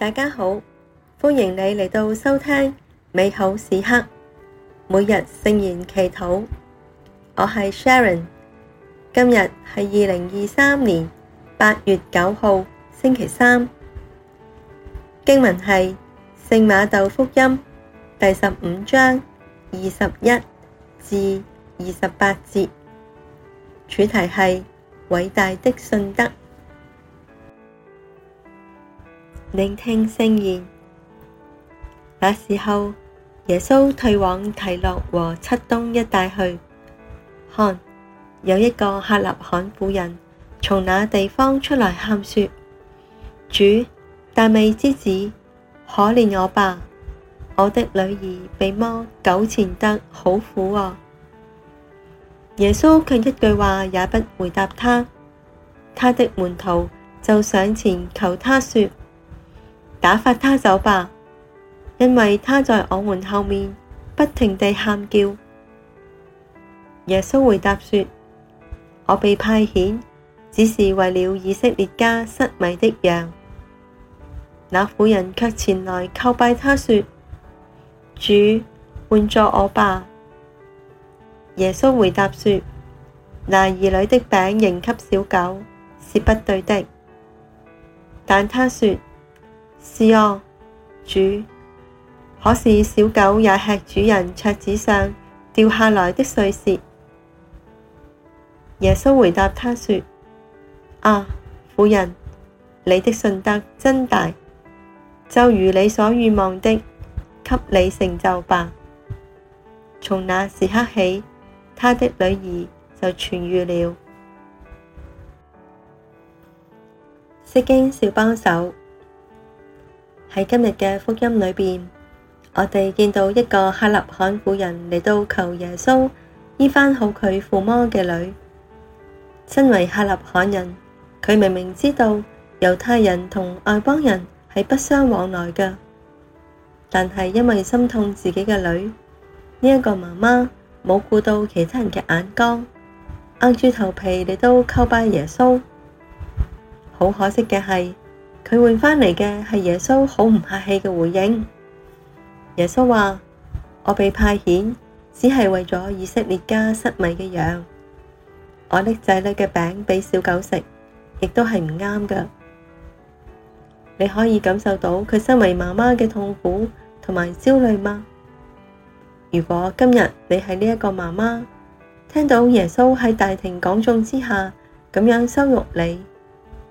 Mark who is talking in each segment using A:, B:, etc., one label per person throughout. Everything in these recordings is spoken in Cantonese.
A: 大家好，歡迎你嚟到收聽美好時刻，每日聖言祈禱。我係 Sharon，今日係二零二三年八月九號星期三。經文係《聖馬竇福音》第十五章二十一至二十八節，主題係偉大的信德。聆聽聖言。那時候，耶穌退往提洛和漆冬一帶去，看，有一個客納罕婦人從那地方出來喊說：主，達味之子，可憐我吧！我的女兒被魔糾纏得好苦啊！耶穌卻一句話也不回答她，她的門徒就上前求她說。打發他走吧，因為他在我們後面不停地喊叫。耶穌回答說：我被派遣，只是為了以色列家失迷的羊。那婦人卻前來叩拜他說：主，援助我吧。耶穌回答說：拿兒女的餅扔給小狗是不對的。但他說：是哦，主。可是小狗也吃主人桌子上掉下來的碎屑。耶穌回答他說：啊，婦人，你的信德真大，就如你所願望的，給你成就吧。從那時刻起，他的女兒就痊愈了。釋經小幫手。喺今日嘅福音裏邊，我哋見到一個客納罕婦人嚟到求耶穌醫翻好佢附魔嘅女。身為客納罕人，佢明明知道猶太人同外邦人係不相往來嘅，但係因為心痛自己嘅女，呢一個媽媽冇顧到其他人嘅眼光，硬住頭皮嚟到叩拜耶穌。好可惜嘅係，佢換返嚟嘅係耶穌好唔客氣嘅回應。耶穌話：我被派遣，只係為咗以色列家失迷嘅羊。我拎仔女嘅餅畀小狗食，亦都係唔啱㗎。你可以感受到佢身為媽媽嘅痛苦同埋焦慮嗎？如果今日你係呢一個媽媽，聽到耶穌喺大庭廣眾之下咁樣羞辱你。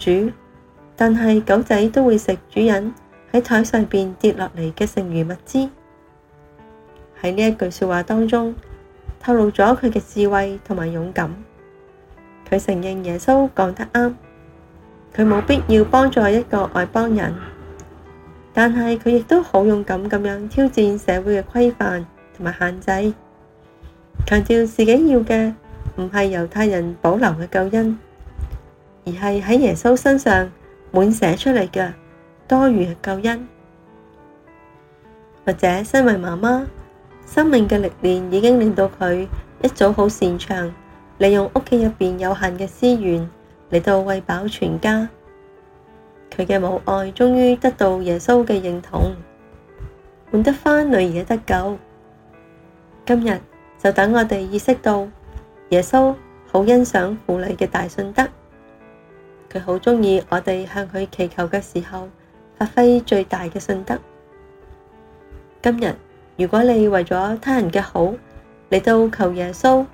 A: 主，但係狗仔都會食主人喺台上面跌落嚟嘅剩餘物資。喺呢一句說話當中，透露咗佢嘅智慧同埋勇敢。佢承認耶穌講得啱，佢冇必要幫助一個外邦人，但係佢亦都好勇敢咁樣挑戰社會嘅規範同埋限制，強調自己要嘅唔係猶太人保留嘅救恩。而係喺耶穌身上滿溢出嚟嘅多餘嘅救恩，或者身為媽媽，生命嘅歷練已經令到佢一早好擅長利用屋企入邊有限嘅資源嚟到餵飽全家。佢嘅母愛終於得到耶穌嘅認同，換得返女兒嘅得救。今日就等我哋意識到耶穌好欣賞婦女嘅大信德。佢好鍾意我哋向佢祈求嘅時候，發揮最大嘅信德。今日如果你為咗他人嘅好嚟到求耶穌，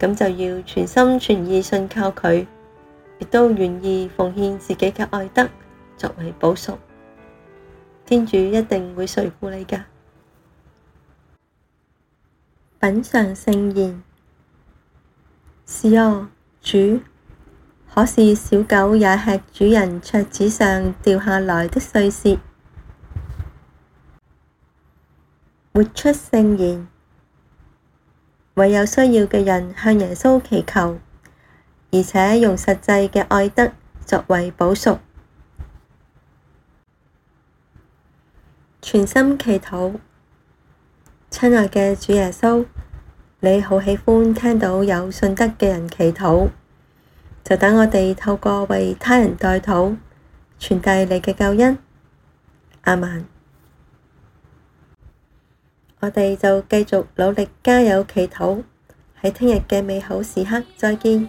A: 咁就要全心全意信靠佢，亦都願意奉獻自己嘅愛德作為補贖。天主一定會垂顧你㗎。品嚐聖言，是哦，主。可是小狗也吃主人桌子上掉下來的碎屑。活出聖言。為有需要嘅人向耶穌祈求，而且用實際嘅愛德作為補贖。全心祈禱。親愛嘅主耶穌，你好喜歡聽到有信德嘅人祈禱。就等我哋透過為他人代禱，傳遞你嘅救恩。阿曼，我哋就繼續努力，加油祈禱，喺聽日嘅美好時刻再見。